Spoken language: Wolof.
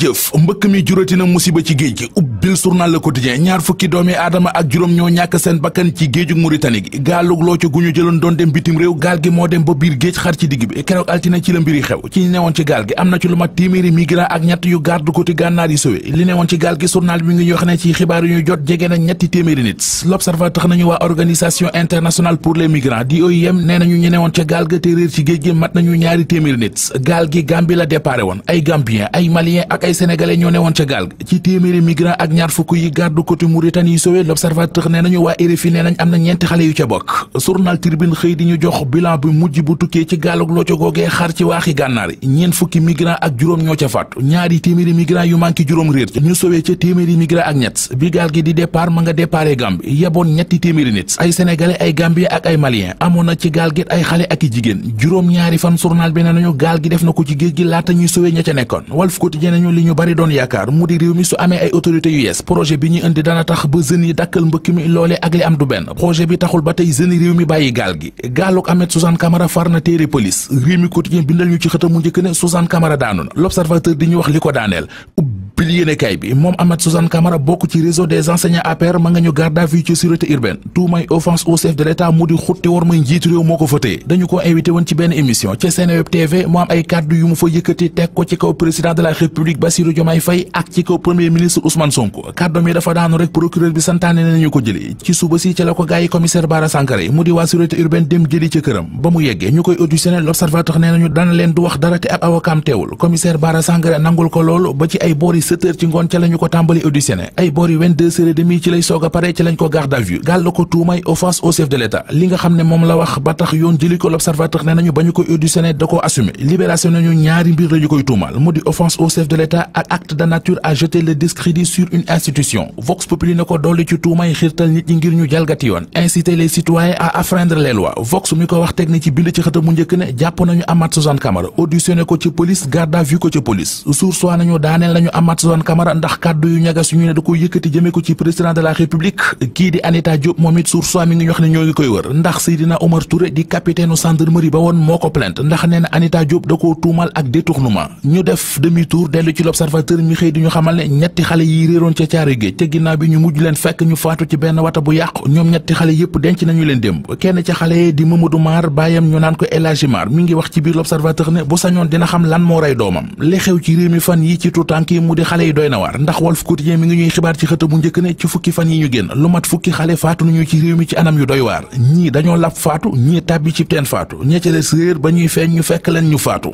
jëf mbëkk mi juratina musiba ci géej gi ubbil journal Le Quotidien ñaar fukki doomi aadama ak juróom ñoo ñàkk seen bakkan ci géejug Mauritanie gi gaal gi moo dem ba biir géej xar ci digg bi keroog altine ci la mbiri xew ci newoon ci gaal gi am na ci lu mat téeméeri migrant ak ñett yu garde côté gànnaar yi sowe li newoon ci gaal gi journal bi ngi ñoo xam ci xibaar yu ñu jot jege na ñetti téeméeri nit L'Observateur nañu waa organisation internationale ay sénégalais ñoo newoon ca gaal ci téeméeri migrant ak ñaar fukk yi gàddu côté Mauritanie yi sowe l'observateur nee nañu waa RFI nee nañ am na ñeenti xale yu ca bokk journal Tribune xëy di ñu jox bilan bu mujj bu tukkee ci gaalug loo ca googee xar ci waaxi gànnaar ñeent fukki migrant ak juróom ñoo ca faatu ñaari téeméeri migrant yu manqué juróom réer ñu sowee ca téeméeri migrant ak ñett bi gaal gi di départ ma nga déparé Gambie yeboon ñetti téeméeri nit ay sénégalais ay gambien na ci gaal gi ay xale ak i jigéen juróom ñaari fan journal bi nee nañu gaal gi def na ko ci géej gi laata ñuy sowee ña ca nekkoon li ñu bari doon yaakaar mu di réew mi su amee ay autorités yu projet bi ñuy indi dana tax ba jeunes yi dàkkal mbëkk mi loolee ak li am du benn projet bi taxul ba tey jeunes réew mi bàyyi gaal gi gaaluk Ahmed Suzanne Camara far na téere police réew mi quotidien bindal ñu ci xëtam mu njëkk ne Suzanne Camara daanu na l'observateur di ñu wax li ko daaneel ubbil yéenekaay bi moom Amath Suzanne Camara bokk ci réseau des enseignants APR ma nga ñu garde à vue ci sûreté urbaine tuumay offense au chef de l'État mu di xutti war may njiitu moo ko fëtee dañu ko invité ci benn émission ci Seneweb TV mu am ay kàddu yu mu fa yëkkati teg ko ci kaw président de la République Bassirou Diomaye Faye ak ci kaw premier ministre Ousmane Sonko kàddoom yi dafa daanu rek procureur bi santaane nañu ko jëli ci sept ci ngoon ca la ko tàmbali auditionné ay boor yi 22 ci lay soog pare ci lañ ko garde à vue gàll ko ko l'observateur ne da ko assumé libération nañu ñaari mbir la koy tuumal mu di offense ak acte de nature à jeter le discrédit sur une institution Vox Populi ne ko dolli ci tuumay xiirtal nit ñi ngir ñu jalgati yoon inciter les citoyens à enfreindre les lois Vox mi ko wax teg ni ci bind ci xëta mu njëkk ne jàpp nañu Lansana Camara ndax kàddu yu ñagas yu ñu ne da ko yëkkati jëmee ko ci président de la république kii di Anita Diop moom it source mi ngi wax ne ñoo ngi koy wër ndax Seydina Omar Touré di capitaine gendarmerie ba woon moo ko plainte ndax nee na Anita Diop da koo tuumal ak détournement ñu def demi tour dellu ci l'observateur mi xëy di ñu xamal ne ñetti xale yi réeroon ca caaru géej te ginnaaw bi ñu mujj leen fekk ñu faatu ci benn wata bu yàqu ñoom ñetti xale yi doy na waar ndax Walf Quotidien mi ngi ñuy xibaar ci xët bu njëkk ne ci fukki fan yi ñu génn lu mat fukki xale faatu nañu ci réew mi ci anam yu doy waar ñii dañoo lab faatu ñii tàbbi ci teen faatu ña ca des réer ba ñuy feeñ ñu fekk leen ñu faatu